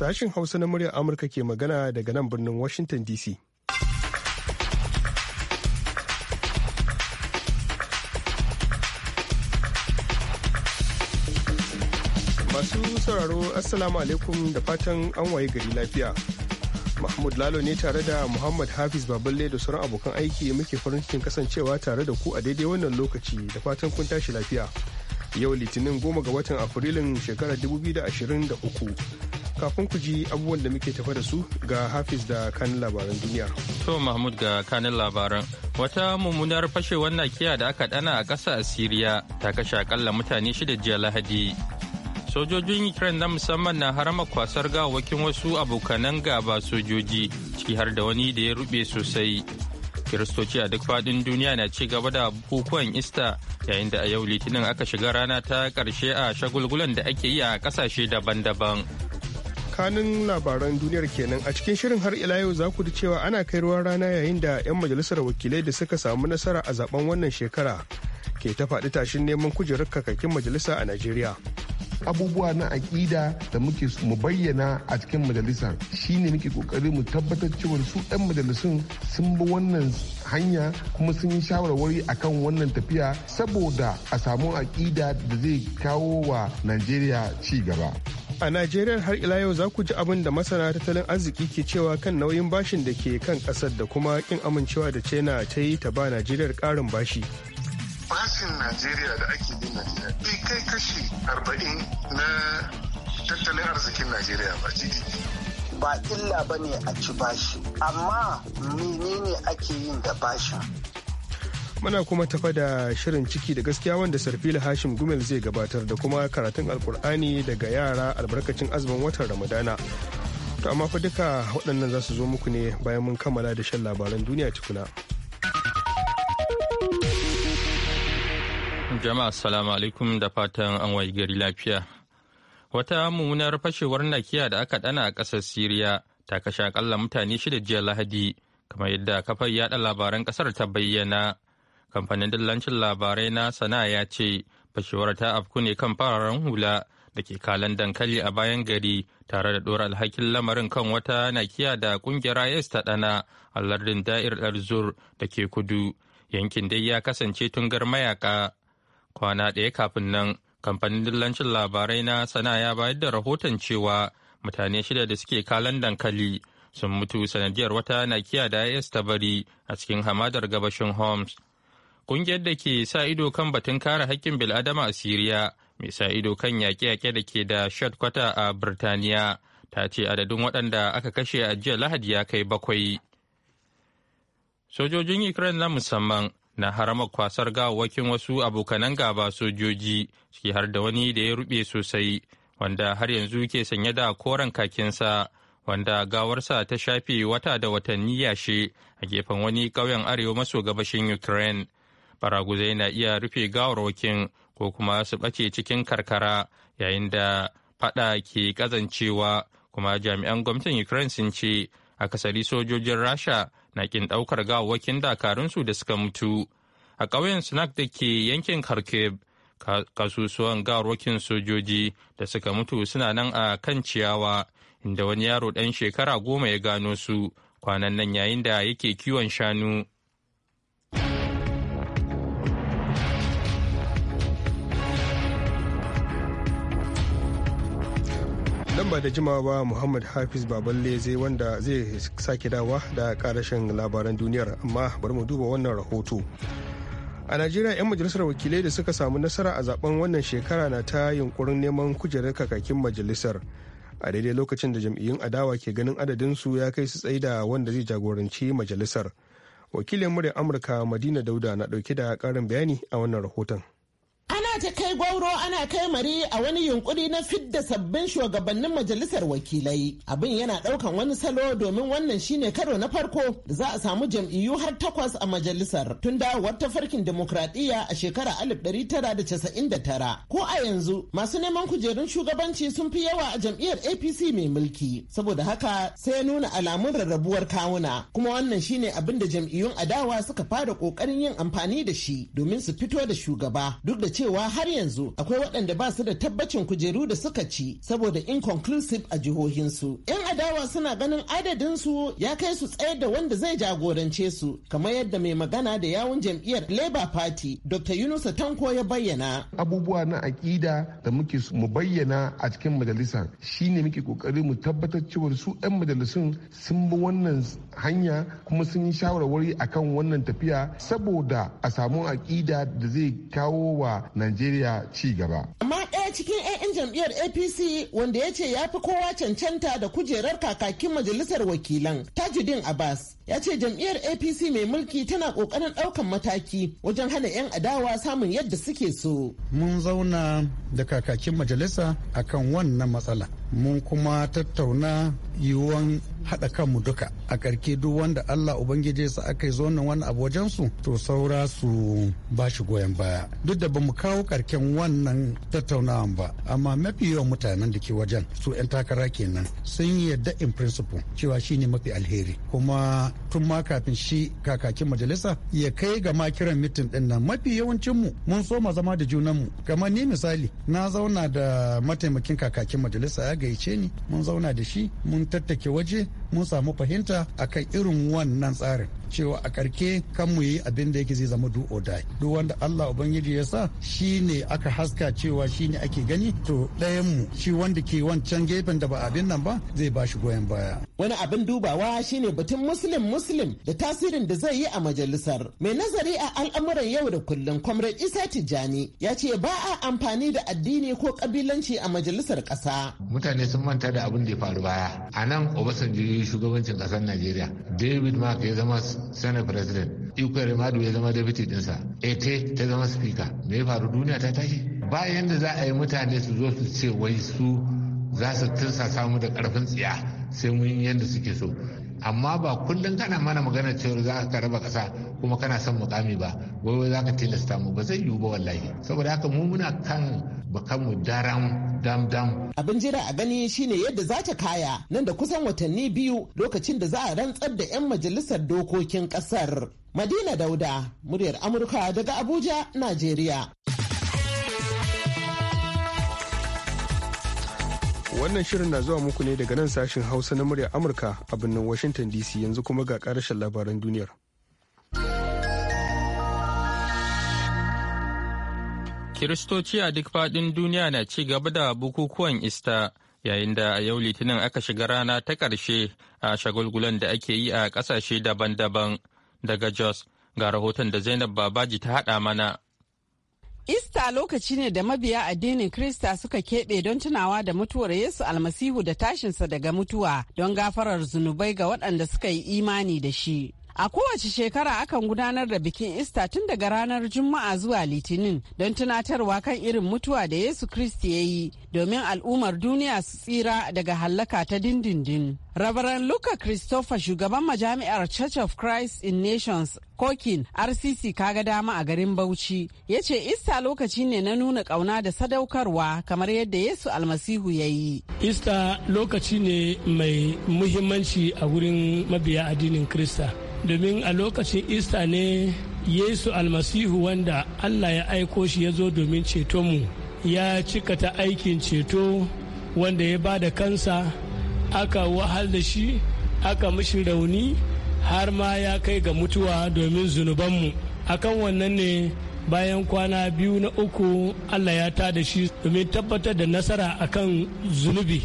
Sashen Hausa na muryar Amurka ke magana daga nan birnin Washington DC. Masu sauraro Assalamu alaikum da fatan an waye gari lafiya. Mahmud Lalo ne tare da Muhammad Hafiz Baballe da sauran abokan aiki muke farin cikin kasancewa tare da ku a daidai wannan lokaci da fatan kun tashi lafiya. Yau Litinin goma ga watan Afrilun shekarar 2023. kafin ku ji abubuwan da muke tafa da su ga hafiz da kan labaran duniya. To Mahmud ga kanin labaran. Wata mummunar fashewar nakiya da aka dana a ƙasa a Siriya ta kashe akalla mutane shida jiya Lahadi. Sojojin Ukraine na musamman na harama kwasar gawakin wasu abokanan gaba sojoji ciki har da wani da ya rube sosai. Kiristoci a duk faɗin duniya na ci gaba da bukukuwan Ista yayin da a yau Litinin aka shiga rana ta ƙarshe a shagulgulan da ake yi a ƙasashe daban-daban. kanun labaran duniyar kenan a cikin shirin har ila yau za ku ji cewa ana kai ruwan rana yayin da 'yan majalisar wakilai da suka samu nasara a zaben wannan shekara ke ta faɗi tashin neman kujerar kakakin majalisa a najeriya abubuwa na aƙida da muke mu bayyana a cikin majalisa shine muke kokari mu tabbatar cewa su 'yan majalisun sun bi wannan hanya kuma sun yi shawarwari akan wannan tafiya saboda a samu aƙida da zai kawo wa najeriya ci gaba A Najeriya har ila yau za ku ji abin da masana tattalin arziki ke cewa kan nauyin bashin da ke kan ƙasar da kuma kin amincewa da China ta yi ta ba Najeriya ƙarin bashi. Bashin Najeriya da ake bin Najeriya bai kai kashi arba'in na tattalin arzikin Najeriya ba Ba illa ba ne a ci bashi, amma menene ake yin da bashin? muna kuma tafa da shirin ciki da gaskiya wanda sarfila hashim gumel zai gabatar da kuma karatun alkur'ani daga yara albarkacin azumin watan ramadana to amma fa duka waɗannan za su zo muku ne bayan mun kammala da shan labaran duniya tukuna jama'a assalamu alaikum da fatan an wayi gari lafiya wata mummunar fashewar nakiya da aka dana a ƙasar siriya ta kashe akalla mutane shida jiya lahadi kamar yadda kafar yada labaran ƙasar ta bayyana kamfanin dillancin labarai na sana'a ya ce fashewar ta afku ne kan fararen hula da ke kalan dankali a bayan gari tare da ɗora alhakin lamarin kan wata nakiya da ƙungiyar is ta ɗana a lardin da'ir arzur da ke kudu yankin dai ya kasance tungar mayaka kwana ɗaya kafin nan kamfanin dillancin labarai na sana'a ya bayar da rahoton cewa mutane shida da suke kalan dankali sun mutu sanadiyar wata nakiya da is ta bari a cikin hamadar gabashin homs Ƙungiyar da ke sa ido kan batun kare hakkin bil'adama a Siriya mai sa ido kan yaƙe-yaƙe da ke da kwata a Birtaniya ta ce adadin waɗanda aka kashe a jiya Lahadi ya kai bakwai. Sojojin Ukraine na musamman na haramar kwasar gawawakin wasu abokanan gaba sojoji ciki har da wani da ya rube sosai wanda har yanzu ke sanye da koren kakinsa wanda gawarsa ta shafe wata da watanni yashe a gefen wani ƙauyen arewa maso gabashin ukraine baraguzai na iya rufe gawarwakin ko kuma su ɓace cikin karkara yayin da fada ke ƙazancewa kuma jami'an gwamnatin ukraine sun ce akasari sojojin rasha na ƙin ɗaukar gawarwakin dakarunsu da suka mutu a ƙauyen snack da ke yankin kharkiv kasusuwan gawarwakin sojoji da suka mutu suna nan a kan ciyawa inda wani yaro ɗan shekara goma ya gano su kwanan nan yayin da yake kiwon shanu. ba da jimawa ba muhammad hafiz baballe zai wanda zai sake dawa da karashin labaran duniyar amma bari mu duba wannan rahoto a najeriya 'yan majalisar wakilai da suka samu nasara a zaben wannan shekara na ta yunkurin neman kujerar kakakin majalisar a daidai lokacin da jam'iyyun adawa ke ganin adadin su ya kai su tsaye da wanda zai jagoranci majalisar wakilin murya amurka madina dauda na dauke da karin bayani a wannan rahoton ana ta kai gwauro ana kai mari a wani yunkuri na fidda sabbin shugabannin majalisar wakilai abin yana daukan wani salo domin wannan shine karo na farko da za a samu jam'iyyu har takwas a majalisar tun dawowar farkin demokradiyya a shekara 1999 ko a yanzu masu neman kujerun shugabanci sun fi yawa a jam'iyyar apc mai mulki saboda haka sai ya nuna alamun rarrabuwar kawuna kuma wannan shine abin da jam'iyyun adawa suka fara kokarin yin amfani da shi domin su fito da shugaba duk da cewa har yanzu akwai waɗanda ba su da tabbacin kujeru da suka ci saboda inconclusive a jihohinsu. 'Yan adawa suna ganin adadin su ya kai su tsayar da wanda zai jagorance su kamar yadda mai magana da yawun jam'iyyar Labour Party Dr. Yunusa Tanko ya bayyana. Abubuwa na aƙida da muke mu bayyana a cikin majalisa shine muke kokari mu tabbatar cewa su 'yan majalisun sun bi wannan hanya kuma sun yi shawarwari akan wannan tafiya saboda a samu aƙida da zai kawo wa Najeriya ci gaba. Amma ɗaya cikin 'ya'yan jam'iyyar APC wanda ya ce ya fi kowa cancanta da kujerar kakakin majalisar wakilan Tajuddin Abbas ya ce jam'iyyar APC mai mulki tana ƙoƙarin ɗaukan mataki wajen hana 'yan adawa samun yadda suke so. Mun zauna da kakakin majalisa akan wannan matsala. Mun kuma tattauna yiwuwan haɗa kanmu duka a ƙarke duk wanda Allah Ubangiji sa aka yi zonin wani abu wajen su to saura su ba shi goyon baya duk da bamu kawo ƙarken wannan tattaunawan ba amma mafi yawan mutanen da ke wajen su 'yan takara kenan sun yi yarda in principle cewa shine mafi alheri kuma tun ma kafin shi kakakin majalisa ya kai ga ma kiran mitin din nan mafi yawancin mu mun so ma zama da junan mu kamar ni misali na zauna da mataimakin kakakin majalisa ya gayyace ni mun zauna da shi mun tattake waje mun samu fahimta akan irin wannan tsarin cewa a karke kan mu yi abin da yake zai zama do or die duk wanda Allah ubangiji ya sa shine aka haska cewa shine ake gani to ɗayan mu shi wanda ke wancan gefen da ba abin nan ba zai bashi goyon baya wani abin dubawa shine batun muslim muslim da tasirin da zai yi a majalisar mai nazari a al'amuran yau da kullum comrade Isa Tijjani ya ce ba a amfani da addini ko kabilanci a majalisar kasa. mutane sun manta da abin da ya faru baya a Obasanjo yi shugabancin kasar najeriya david mark ya zama senate president Iko madu ya zama deputy dinsa ete ta zama speaker me ya faru duniya ta tashi ba yadda za a yi mutane su zo su ce wai su za su tursa samu da karfin tsiya sai mun yadda suke so amma ba kullum kana mana magana cewa za ka raba kasa kuma kana son mukami ba wai wai za ka tilasta mu ba zai yiwu ba wallahi saboda haka mu muna kan bakan mu daram dam dam. Abin jira a gani shine yadda za ta kaya nan da kusan watanni biyu lokacin da za a rantsar da 'yan majalisar dokokin kasar. Madina Dauda, muryar Amurka daga Abuja, Najeriya. Wannan shirin na zuwa muku ne daga nan sashin Hausa na murya Amurka a birnin Washington DC yanzu kuma ga karashen labaran duniyar. Kiristoci a duk fadin duniya na ci gaba da bukukuwan Ista yayin da a yau Litinin aka shiga rana ta karshe a shagulgulan da ake yi a ƙasashe daban-daban daga Jos ga rahoton da Zainab Babaji ta haɗa mana. Ista lokaci ne da mabiya addinin Krista suka keɓe don tunawa da mutuwar Yesu almasihu da tashinsa daga mutuwa don gafarar zunubai ga waɗanda suka yi imani da shi. A kowace shekara akan gudanar da bikin Ista tun daga ranar Juma'a zuwa Litinin don tunatarwa kan irin mutuwa da Yesu Kristi ya yi domin al'ummar duniya su tsira daga hallaka ta dindindin. Rabaran Luka Christopher shugaban majami'ar Church of Christ in Nations Kokin RCC kaga dama a garin Bauchi ya ce Ista lokaci ne na nuna ƙauna da sadaukarwa kamar yadda Yesu almasihu ya yi. Ista lokaci ne mai muhimmanci a wurin mabiya addinin Krista. domin a lokacin ista ne yesu almasihu wanda allah ya aiko shi ya zo domin ceto mu ya cika ta aikin ceto wanda ya ba da kansa aka wahal da shi aka mishi rauni har ma ya kai ga mutuwa domin zunubanmu akan wannan ne bayan kwana biyu na uku allah ya ta da shi domin tabbatar da nasara akan zunubi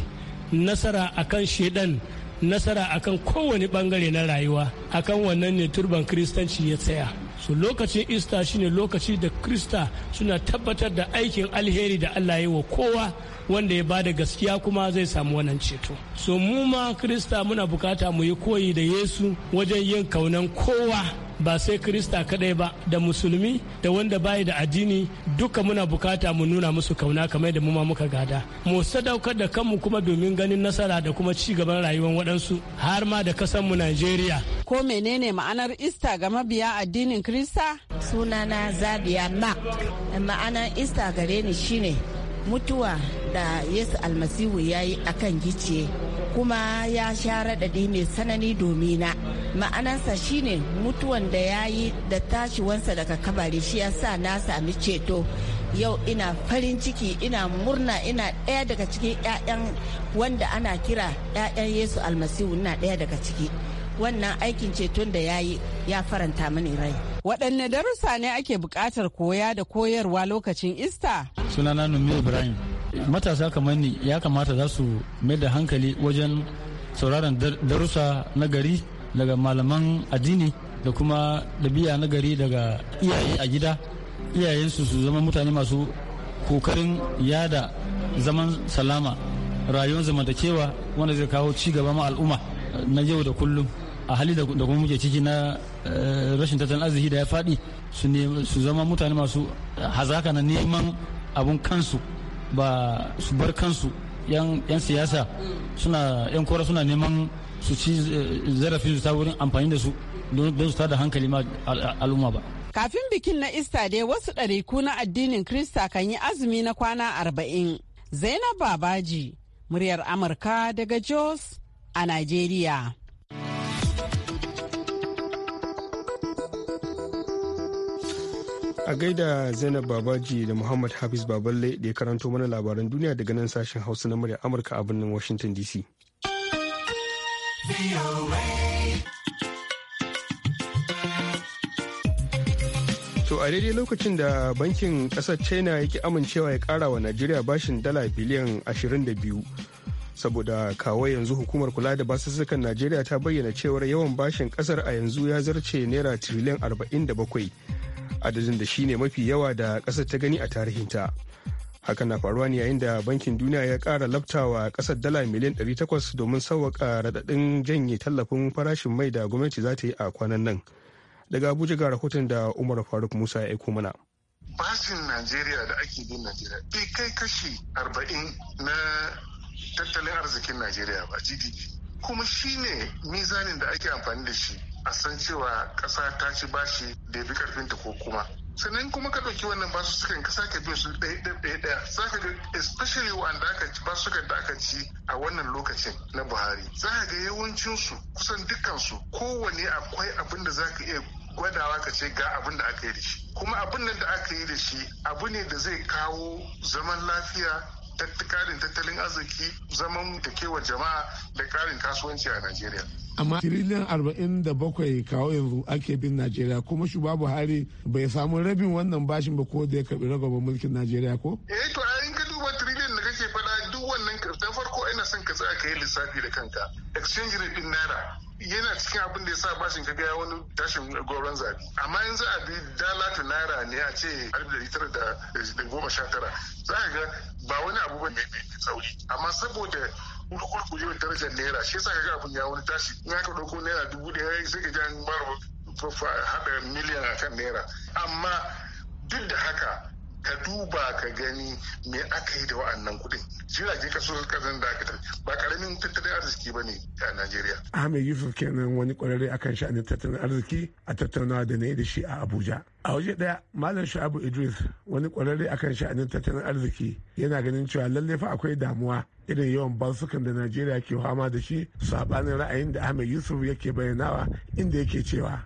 nasara akan shedan nasara akan kowane bangare na rayuwa akan wannan ne turban kristanci ya tsaya su lokacin ista shine lokaci da krista suna tabbatar da aikin alheri da allah yi wa kowa wanda ya ba da gaskiya kuma zai samu wannan ceto so mu ma krista muna bukata mu yi koyi da yesu wajen yin kaunan kowa ba sai krista kadai ba da musulmi da wanda bayi da addini duka muna bukata mu nuna musu kauna kamar da mu muka gada mu sadaukar da kanmu kuma domin ganin nasara da kuma ci gaban rayuwar waɗansu har ma da kasanmu nigeria. ko menene ma'anar ista ga mabiya addinin krista sunana zabiya mark ma'anar ista gare ni shine mutuwa da yesu almasihu ya yi akan gicciye kuma ya sha raɗaɗi mai sanani domina ma'anarsa shine mutuwan da ya yi da tashiwansa daga kabari shi ya sa na sami ceto yau ina farin ciki ina murna ina ɗaya daga cikin 'ya'yan wanda ana kira 'ya'yan yesu almasihu ina ɗaya daga ciki wannan aikin ceton da ya yi ya faranta mani rai. Waɗanne darussa ne ake bukatar koya da koyarwa lokacin Ista? Sunana Numi Ibrahim. matasa kamar ni ya kamata za su mai da hankali wajen sauraron darussa na gari daga malaman addini da kuma ɗabi'a na gari daga iyaye a gida iyayensu su zama mutane masu kokarin yada zaman salama rayuwar zamantakewa wanda zai kawo ci gaba ma al'umma na yau da kullum a hali da kuma muke ciki na eh, rashin tattalin arziki da ya faɗi su zama mutane masu hazaka na neman abun kansu ba su bar kansu yan siyasa suna yan kora suna neman su ci eh, zarafin su ta wurin amfani da su don su tada hankali ma al'umma ba kafin bikin na ista dai wasu ɗariku na addinin krista kan yi azumi na kwana arba'in zainab babaji muryar amurka daga jos a najeriya a gaida zainab babaji da muhammad hafiz baballe da ya karanto mana labaran duniya daga nan sashen hausa na murya amurka a birnin washington dc To a daidai lokacin da bankin kasar China yake amincewa ya kara wa Najeriya bashin dala biliyan 22. Saboda kawai yanzu hukumar kula da basussukan Najeriya ta bayyana cewar yawan bashin kasar a yanzu ya zarce naira tiriliyan 47 adadin da shine mafi yawa da ƙasar ta gani a tarihinta hakan na faruwa ne yayin da bankin duniya ya kara laftawa ƙasar dala miliyan 800 domin sauwaƙa raɗaɗin janye tallafin farashin mai da gwamnati za ta yi a kwanan nan daga abuja ga rahoton da umar faruk musa ya aiko mana bashin najeriya da ake bin najeriya bai kai kashi 40 na tattalin arzikin najeriya ba gdp kuma shine mizanin da ake amfani da shi a san cewa kasa ta ci bashi da bi ta ko kuma sannan kuma ka ɗauki wannan basu sukan ka sake bin su ɗaya ɗaya ɗaya za ka ga especially wanda aka ci basu sukan da aka ci a wannan lokacin na buhari za ka ga yawancinsu kusan dukkansu kowane akwai abin da za ka iya gwadawa ka ce ga abin da aka yi da shi kuma abin nan da aka yi da shi abu ne da zai kawo zaman lafiya karin tattalin arziki zaman da kewa jama'a da karin kasuwanci a Najeriya. Amma tiriliyan arba'in da bakwai kawo yanzu ake bin Najeriya kuma shugaba Buhari bai samu rabin wannan bashin ba ko da ya karbi ragaba mulkin Najeriya ko? Eh to in ka duba tiriliyan da kake faɗa duk wannan na farko ina son ka tsaya ka yi lissafi da kanka exchange rate din naira yana cikin abin da ya sa bashin ka gaya wani tashin goron zabi amma in za a bi dala ta naira ne a ce alif da tara da goma sha tara za a ga ba wani abu ba mai tsauri amma saboda kurkurkujewar darajar naira shi yasa ga abin ya wani tashi in aka dauko naira dubu yayi sai ka ja an haɗa miliyan akan naira amma duk da haka ka duba ka gani me aka yi da wa'annan kuɗi jiragen kaso da aka ba karamin tattalin arziki ba ne a najeriya ahmed yusuf kenan wani kwararre akan sha'anin tattalin arziki a tattaunawa da na yi da shi a abuja a waje daya malam shu'abu idris wani kwararre akan sha'anin tattalin arziki yana ganin cewa lalle fa akwai damuwa irin yawan balsukan da najeriya ke fama da shi saɓanin ra'ayin da ahmed yusuf yake bayyanawa inda yake cewa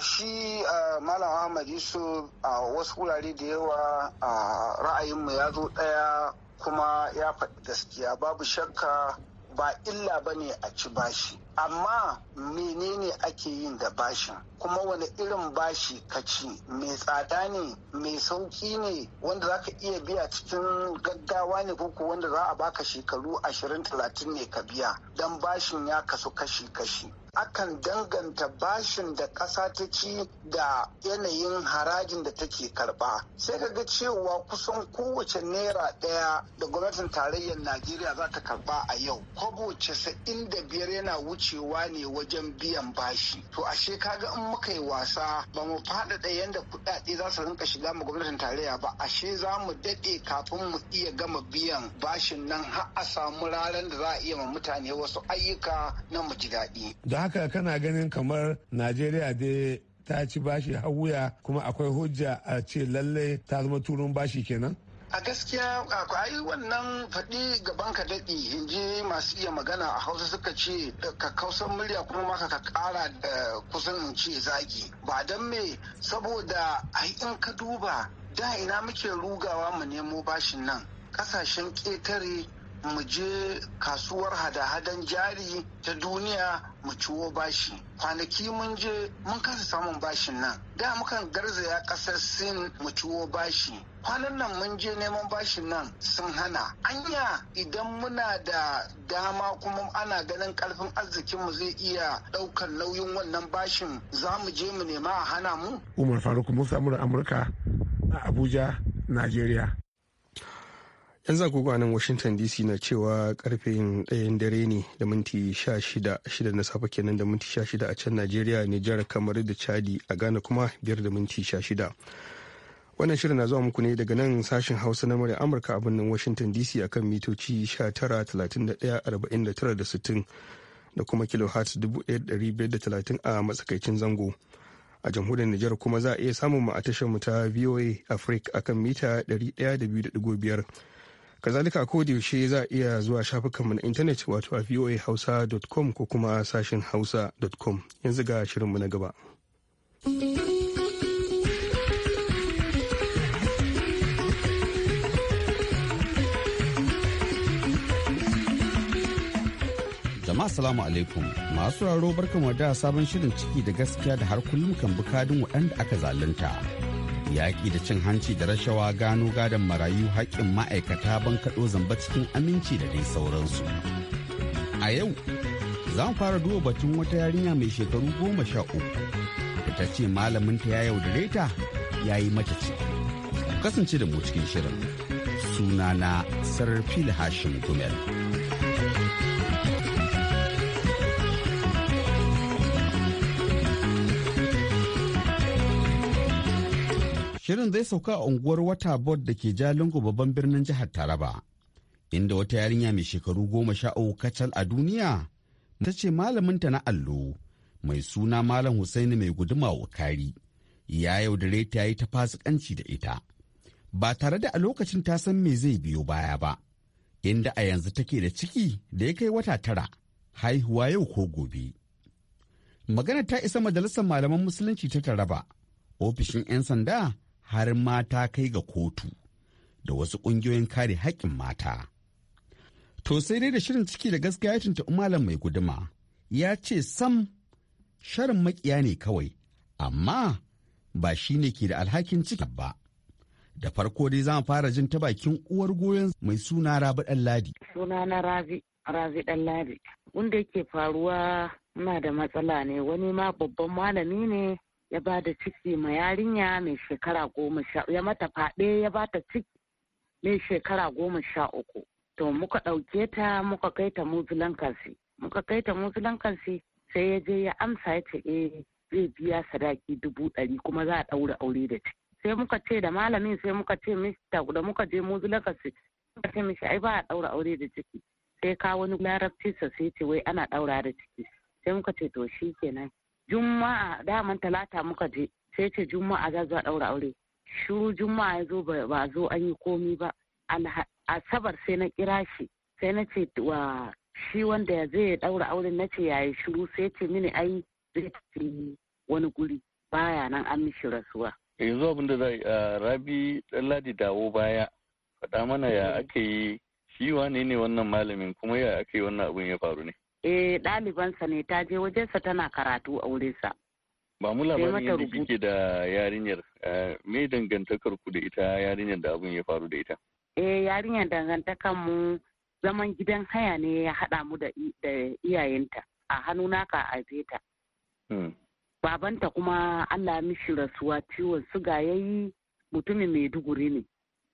shi malam ahmad yusuf a wasu wurare da yawa a ra'ayinmu ya zo ɗaya kuma ya faɗi gaskiya babu shakka ba illa ba ne a ci bashi amma menene ake yin da bashin kuma wani irin bashi ka ci mai tsada ne mai sauki ne wanda za ka iya biya cikin gaggawa ne ko wanda za a baka shekaru ashirin talatin ne ka biya don bashin ya kasu kashi kashi akan danganta bashin da ƙasa ta ci da yanayin harajin da take karba sai ka ga cewa kusan kowace naira ɗaya da gwamnatin tarayyar najeriya za ta karba a yau kwabo casa'in da biyar yana wucewa ne wajen biyan bashi to ashe kaga in muka yi wasa ba mu faɗaɗa yadda kuɗaɗe za su rinka shiga mu gwamnatin tarayya ba ashe za mu daɗe kafin mu iya gama biyan bashin nan har a samu ranar da za a iya ma mutane wasu ayyuka na mu ji daɗi. haka kana ganin kamar najeriya dai ta ci bashi har wuya kuma akwai hujja a ce lallai ta zama turun bashi kenan a gaskiya akwai wannan faɗi gaban ka daɗi in ji masu iya magana a hausa suka ce ka kausan murya kuma maka ka ƙara da kusan in ce zagi ba don me saboda ai in ka duba da ina muke rugawa mu nemo bashin nan ƙasashen ƙetare mu je kasuwar hada-hadan jari ta duniya mu ciwo bashi kwanaki mun je mun kasa samun bashin nan da mukan garzaya kasar sin mu ciwo bashi kwanan nan mun je neman bashin nan sun hana anya idan muna da dama kuma ana ganin karfin arzikinmu zai iya daukar nauyin wannan bashin za mu je mu nema a hana mu umar faruk musa amurka a abuja najeriya yan zagogo a nan washington dc na cewa karfe ɗayan dare ne da minti sha shida shida na safe kenan da minti sha shida a can najeriya nijar kamar da chadi a ghana kuma biyar da minti sha shida wannan shirin na zuwa muku ne daga nan sashen hausa na murya amurka a birnin washington dc akan mitoci talatin da sittin da kuma kilohertz talatin a matsakaicin zango a jamhuriyar nijar kuma za a iya samun mu a tashar mu ta voa africa akan mita biyar kazalika a yaushe za a iya zuwa shafukanmu na intanet wato a voahausa.com ko kuma sashen hausa.com yanzu ga shirinmu na gaba. jama'a salamu alaikum masu raro barkan da sabon shirin ciki da gaskiya da har kullum kan bukadin waɗanda aka zalunta yaƙi da cin hanci da rashawa gano gadon marayu haƙƙin ma'aikata bankaɗo zamba cikin aminci da dai sauransu a yau za mu fara duba batun wata yarinya mai shekaru goma sha uku da ta ce malaminta ya yaudare ta ya yi mata ci. kasance da mu cikin shirin sunana sarfil hashim gumel Shirin zai sauka a unguwar wata bod da ke Jalingo babban birnin jihar Taraba, inda wata yarinya mai shekaru goma sha uku kacal a duniya ta ce malaminta na allo mai suna Malam Husaini mai guduma wa kari. ya yaudare ta yi ta fasikanci da ita, ba tare da a lokacin ta san me zai biyo baya ba, inda a yanzu take da ciki da ya kai wata tara, haihuwa yau ko gobe. Magana ta isa majalisar malaman musulunci ta Taraba, ofishin 'yan sanda har mata kai ga kotu da wasu ƙungiyoyin kare haƙƙin mata. To sai dai da shirin ciki da gaskiya ya tuntuɓi malam mai guduma ya ce sam sharin makiya ne kawai amma ba shi ne ke da alhakin ciki ba. Da farko dai za mu fara jin ta bakin uwar goyon mai suna Rabi Ɗanladi. Suna na Rabi, Rabi Ɗanladi. Wanda yake faruwa na da matsala ne wani ma babban malami ne ya ba da ciki ma yarinya mai shekara goma sha ya mata faɗe ya ba ta ciki mai shekara goma sha uku to muka ɗauke ta muka kai ta muzulan kansi muka kai ta muzulan kansi sai ya je ya amsa ya ce eh zai biya sadaki dubu ɗari kuma za a ɗaura aure da ciki sai muka ce da malamin sai muka ce mista da muka je muzulan kansi muka ce mishi ai ba a ɗaura aure da ciki sai ka wani larabci sa sai ce wai ana ɗaura da ciki sai muka ce to shi kenan juma'a daman talata muka je sai ce juma'a za zuwa daura aure shiru juma'a ya zo ba zo an yi komi ba asabar sai na kira shi sai na ce wa shi wanda ya zai daura aure na ce yayi shiru sai ce mini ai zai wani guri baya nan an mishi rasuwa eh, yanzu abin da zai rabi ladi dawo baya faɗa mana ya mm. ake yi shi wane ne wannan malamin kuma ya ake yi wannan abin ya faru ne eh ɗalibansa ne ta je wajensa tana karatu a wurinsa. Ba mu labarin yadda kike da yarinyar eh, me dangantakar ku da ita yarinyar da abun ya faru da ita? Eh yarinyar dangantakar mu zaman gidan haya ne ya haɗa mu da iyayenta a hannu naka a ta. Hmm. Babanta kuma Allah mishi rasuwa ciwon suga yayi mutumin duguri ne.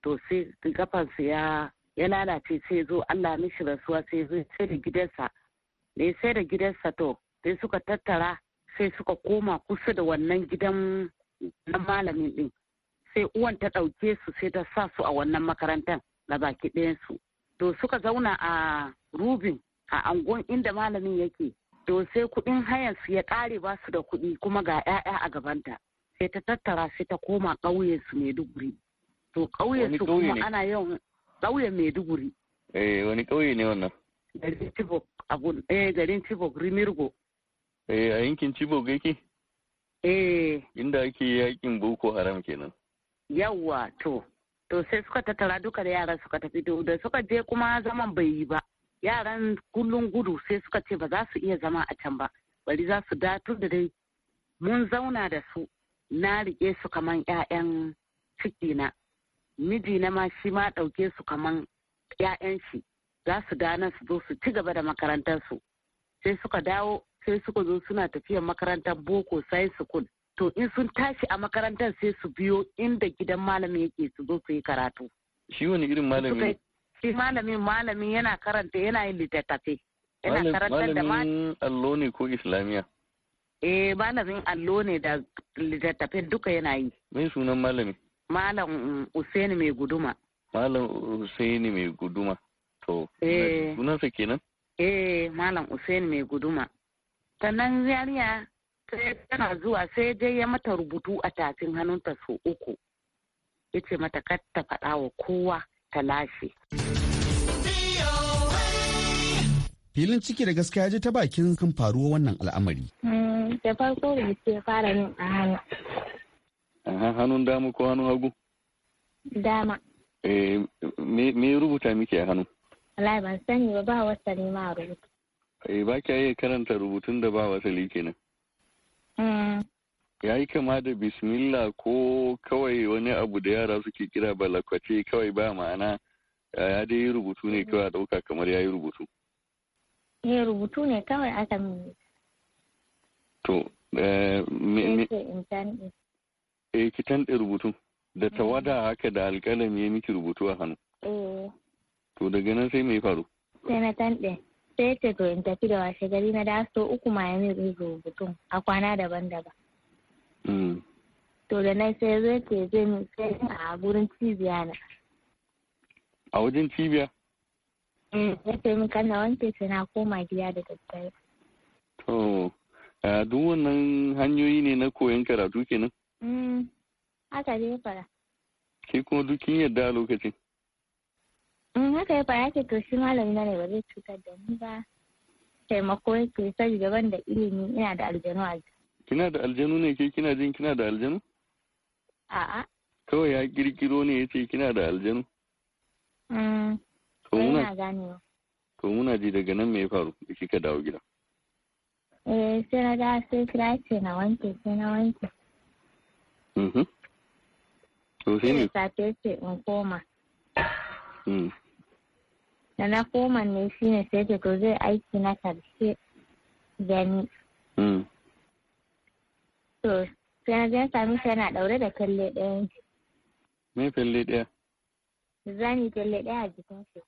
To sai kafansa ya ya lalace sai zo Allah mishi rasuwa sai zai sai da gidansa da sai da gidan sato sai suka tattara sai suka koma kusa da wannan gidan na malamin din sai uwan ta ɗauke su sai ta sa su a wannan makarantar na baki ɗayansu to suka zauna a rubin a angon inda malamin yake to sai kuɗin hayansu ya ƙare ba su da kuɗi kuma ga 'ya'ya a gabanta sai ta tattara sai ta koma ƙauyensu maiduguri to ƙauyensu kuma ana yawan ƙauyen maiduguri eh wani ƙauye ne wannan garin Chibok abun eh garin Chibok Rimirgo. Eh a yankin Chibok yake? Eh. Inda ake yakin Boko Haram kenan. Yawwa to. To sai suka tattara duka da yaran suka tafi da suka je kuma zaman bai yi ba. Yaran kullum gudu sai suka ce ba za su iya zama a can ba. Bari za su datu da dai mun zauna da su na rike su kaman 'ya'yan cikina. Mijina ma shi ma ɗauke su kaman 'ya'yan shi za su gane su zo su ci gaba da makarantarsu sai suka dawo sai suka zo suna tafiyan makarantar boko science school to in sun tashi a makarantar sai su biyo inda gidan malami yake su zo su yi karatu shi wani irin malami shi malamin malami yana karanta yana yin littattafe yana karanta da malamin allo ne ko islamiya eh malamin allo ne da littattafen duka yana yi mai sunan malami malam usaini mai guduma malam usaini mai guduma to eh. sunansa kenan eh malam Usain mai guduma sannan yariya sai tana zuwa sai dai ya mata rubutu a tafin hannunta so uku ya ce mata kar ta faɗa wa kowa ta lashe. filin ciki da gaskiya ji ta bakin kan faruwa wannan al'amari. Hmm, da farko da ya fara yin a hannu. hannun dama ko hannun hagu? dama. Eh, me rubuta miki a hannu? Wallahi ban sani ba ba wasali ma rubutu. Eh ba kya iya karanta rubutun da ba wasali kenan. Mm. Ya yi kama da bismillah ko kawai wani abu da yara suke kira balakwace kawai ba ma'ana ya dai yi rubutu ne kawai a ɗauka kamar ya yi rubutu. Ya eh, rubutu ne kawai aka mini. To, eh, me Eh ki tanɗe rubutu. Da tawada haka da alƙalami ya miki rubutu a hannu. Eh. To daga nan sai mai faru? Sai na tanɗe. Sai ce to in tafi da washe gari na da so uku ma ya zai mutum a kwana daban-daban. Mm. To da nan sai zai ce zai mu sai a gurin cibiya na. A wajen cibiya? Eh, ya ce mu kanna wanke sai na koma gida da daddare. To, duk wannan hanyoyi ne na koyon karatu kenan? Mm, haka dai fara. Ke kuma duk yadda a lokacin? in haka ya faɗa ce to shi malami na ne ba zai cutar da ni ba taimako ke saboda ban da ilimi ina da aljanu a kina da aljanu ne ke kina jin kina da aljanu a'a kawai ya kirkiro ne ya ce kina da aljanu mm. to muna ganewa to muna ji daga nan me ya faru da kika dawo gida eh sai na dawo, sai kira ce na wanke sai na wanke mhm to sai ne safe ce in koma Mm. da na koma ne shi ne sai ce to zai aiki na karshe gani mm. to sai na zai sami shi yana daure da kalle ɗaya me kalle ɗaya zani kalle ɗaya a jikin shi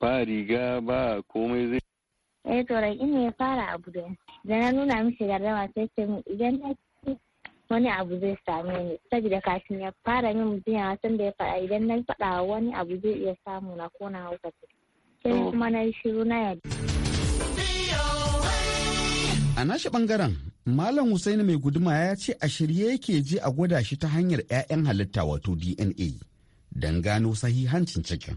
ba riga ba komai zai eh to rai ina ya fara abu da na nuna mishi gardama sai ce idan na wani abu zai same ni saboda kafin ya fara yin biyan san da ya faɗa idan na faɗa wani abu zai iya samu na ko na hauka sai oh. kuma na shiru na yadda. a nashi bangaren malam husaini mai guduma ya ce a shirye yake je a gwada shi ta hanyar 'ya'yan halitta wato dna don gano sahihancin cikin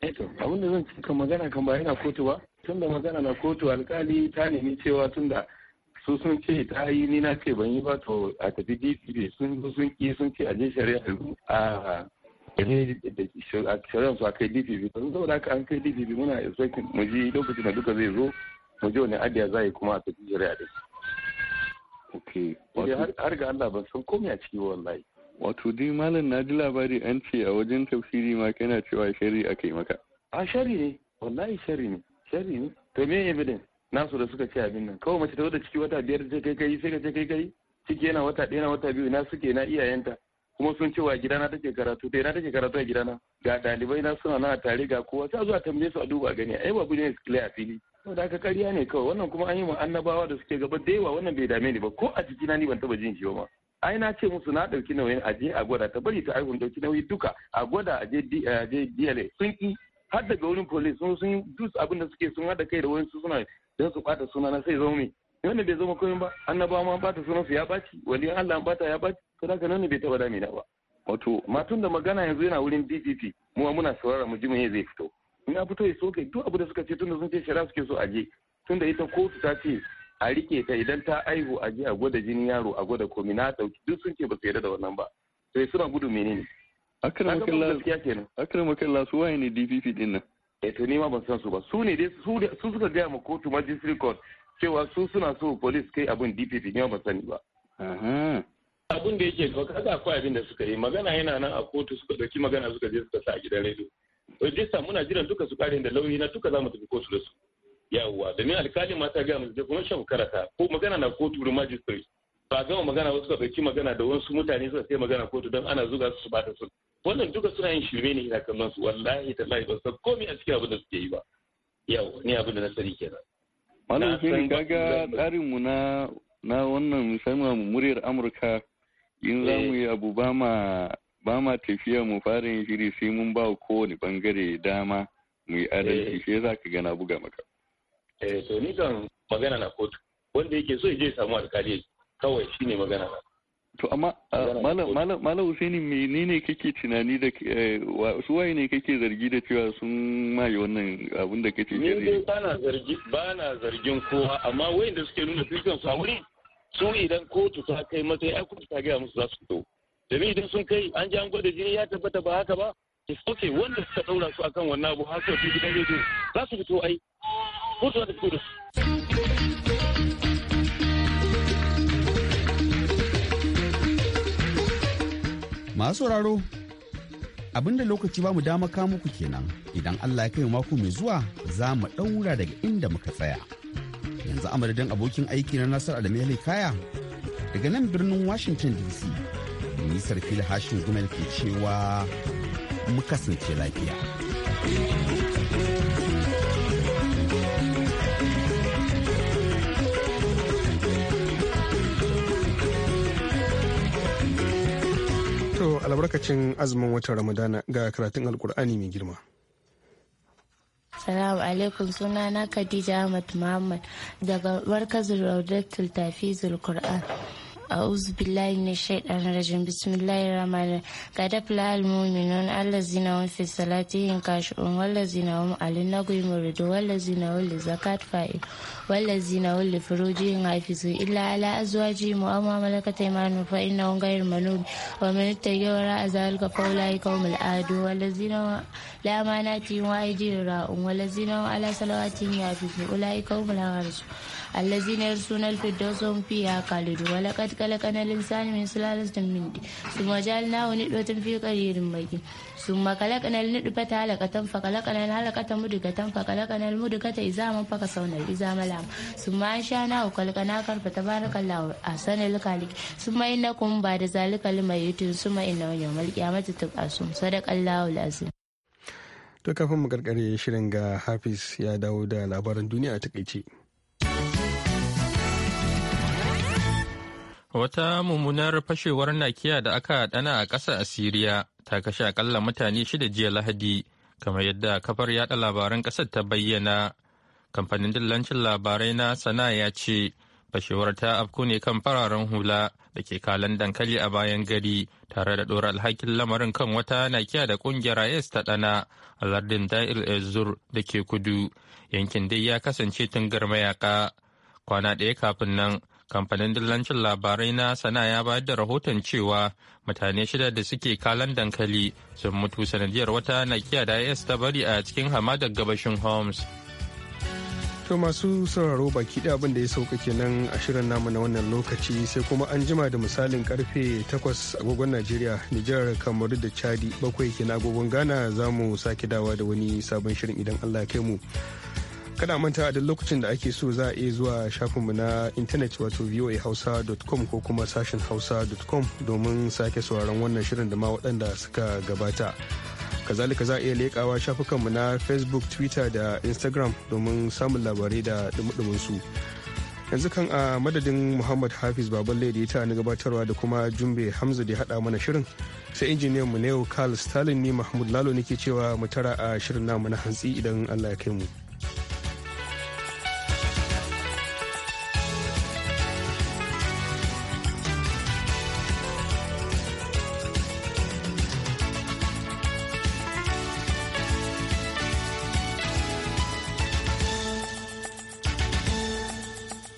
eh abin da zan cika magana kan ba yana kotu ba tunda magana na kotu alkali ta nemi cewa tunda su sun ce ta yi ni na ce ban yi ba to a tafi dcp sun zo sun ki sun ce a je shari'a a shari'a su a kai dcp don zo da an kai dcp muna expecting mu ji lokacin da duka zai zo mu ji wani adiya za yi kuma a tafi shari'a da ok har ga Allah ban san komai a ciki wallahi wato dai malam na ji labari an ce a wajen tafsiri ma kana cewa shari'a kai maka a shari ne wallahi shari ne shari ne to me evidence nasu da suka ce abin nan kawai mace ta da ciki wata biyar ce kai kai sai ka ce kai kai ciki yana wata ɗaya na wata biyu na suke na iyayenta kuma sun ce wa gidana take karatu dai na take karatu a gidana ga ɗalibai na suna na tare ga kowa sai zuwa tambaye su a duba a gani ai babu ne su a fili saboda haka ƙarya ne kawai wannan kuma an yi wa annabawa da suke gaba da yawa wannan bai dame ni ba ko a ciki na ni ban taba jin shi ba ai na ce musu na ɗauki nauyin aje a gwada ta bari ta aihun ɗauki nauyi duka a gwada aje DLA sun ki har daga wurin police sun sun dus abin da suke sun hada kai da wani suna don su bata sunana sai zo me wanda bai zama komai ba annaba ma bata sunan su ya baci wani Allah an bata ya baci to daga nan bai taba damina ba wato matun da magana yanzu yana wurin DPP mu muna saurara mu ji me zai fito in ya fito ya soke duk abu da suka ce tunda sun ce shari'a suke so a je tunda ita kotu ta ce a rike ta idan ta aihu a je a gwada jinin yaro a gwada komi na dauki duk sun ce ba su yarda da wannan ba sai suna gudu menene akramaka Allah akramaka su waye ne DPP din nan eh nima ban san su ba su ne dai su suka gaya ma kotu magistrate court cewa su suna so police kai abin DPP nima ban sani ba abin da yake to kaga akwai abin da suka yi magana yana nan a kotu suka dauki magana suka je suka sa a gidan radio wai dai muna jiran duka su kare da lauyi na duka zamu tafi kotu da su yawwa da ni alkalin ma ta gaya musu da kuma shan karata ko magana na kotu da magistrate ba gama magana wasu suka dauki magana da wasu mutane suka sai magana kotu don ana zuga su ba da su wannan duka suna yin shirme ne ina kallon su wallahi ta lai san komi a cikin abin da suke yi ba yau ni abin da na sani kenan wannan shirin kaga tsarin mu na na wannan musamman muryar Amurka in za mu yi eh. abu ba ma ba ma tafiya mu fara yin shiri sai mun ba kowane bangare dama mu yi adalci eh. shi za ka gana buga maka eh to ni kan magana na kotu wanda yake so ya je samu alkali kawai shine magana na To amma Malam Husaini menene kake tunani da eh, su waye ne kake zargi da cewa sun maye wannan abin da kake jere? Ni dai ba na zargin kowa amma wayan da suke nuna fikan su a wuri su idan kotu ta kai matsayi ai kuma ta gaya musu za su fito. Domin idan sun kai an ji an gwada jini ya tabbata ba haka ba. Ok wanda suka daura su akan wannan abu haka su gidan rediyo za su fito ai. Kotu za ta fito da su. masu sauraro abinda lokaci ba mu dama ku kenan idan Allah ya kai mako mai zuwa za mu ɗaura daga inda muka tsaya yanzu madadin abokin aiki na nasar alamiyar kaya daga nan birnin washington dc nisar fil hashin gumel ke cewa mu kasance lafiya. albarkacin azumin watan ramadana ga karatun alkur'ani mai girma Salamu alaikum suna na Khadija Ahmad Muhammad daga markazin Raudatul tafi zulkur'an أعوذ بالله من الشيطان الرجيم بسم الله الرحمن الرحيم قد أفلح المؤمنون الذين هم في صلاتهم خاشعون والذين هم على النجو يمردون والذين هم للزكاة فاعلون والذين هم لفروجهم حافظون إلا على أزواجهم أو ما ملكت أيمانهم فإنهم غير منوب ومن اتبع وراء ذلك فأولئك هم العادون والذين هم لأماناتهم وأيديهم راءون والذين هم على صلواتهم يحافظون أولئك هم الحارسون allazina yarsuna alfirdaus hum fiha khalidu wa laqad khalaqana al-insana min sulalatin min tin thumma ja'alnahu nutfatan fi qaririn makin thumma khalaqna al-nutfata halaqatan fa khalaqna al-halaqata mudghatan fa khalaqna al-mudghata izaman fa kasawna izama lam thumma ansha'nahu na karfa tabarakallahu ahsanul khaliq thumma innakum ba'da zalika limayitun thumma innahu yawmal qiyamati tub'asun sadaqallahu alazim to kafin mu karkare shirin ga hafiz ya dawo da labaran duniya a takaice. Wata mummunar fashewar nakiya da aka dana a ƙasa Siriya ta kashe akalla mutane shida jiya Lahadi, kamar yadda kafar yada labaran ƙasar ta bayyana. Kamfanin dillancin labarai na sana ya ce, fashewar ta afku ne kan fararen hula da ke kalan dankali a bayan gari tare da ɗora alhakin lamarin kan wata nakiya da ƙungiyar IS ta ɗana a lardin Da'il Ezur da ke kudu. Yankin dai ya kasance tun garma yaƙa Kwana ɗaya kafin nan, Kamfanin dillancin labarai na sana ya bayar da rahoton cewa mutane shida da suke kalan dankali sun mutu sanadiyar wata nakiya da IS ta bari a cikin hamadar gabashin Homs. To masu sauraro baki da abin da ya sauka kenan a shirin namu na wannan lokaci sai kuma an jima da misalin karfe 8 agogon Najeriya, Nijar, Kamaru da Chadi bakwai kenan agogon Ghana za mu sake dawa da wani sabon shirin idan Allah ya kai mu. kada manta da lokacin da ake so za a iya zuwa shafinmu na intanet wato voahausa.com ko kuma sashen hausa.com domin sake sauraron wannan shirin da ma waɗanda suka gabata kazalika za a iya leƙawa shafukanmu na facebook twitter da instagram domin samun labarai da su yanzu kan a madadin muhammad hafiz baballe da ta na gabatarwa da kuma jumbe hamza da ya haɗa mana shirin sai injiniyan mu yau carl stalin ne mahmud lalo nake cewa mu tara a shirin namu na hantsi idan allah ya kai mu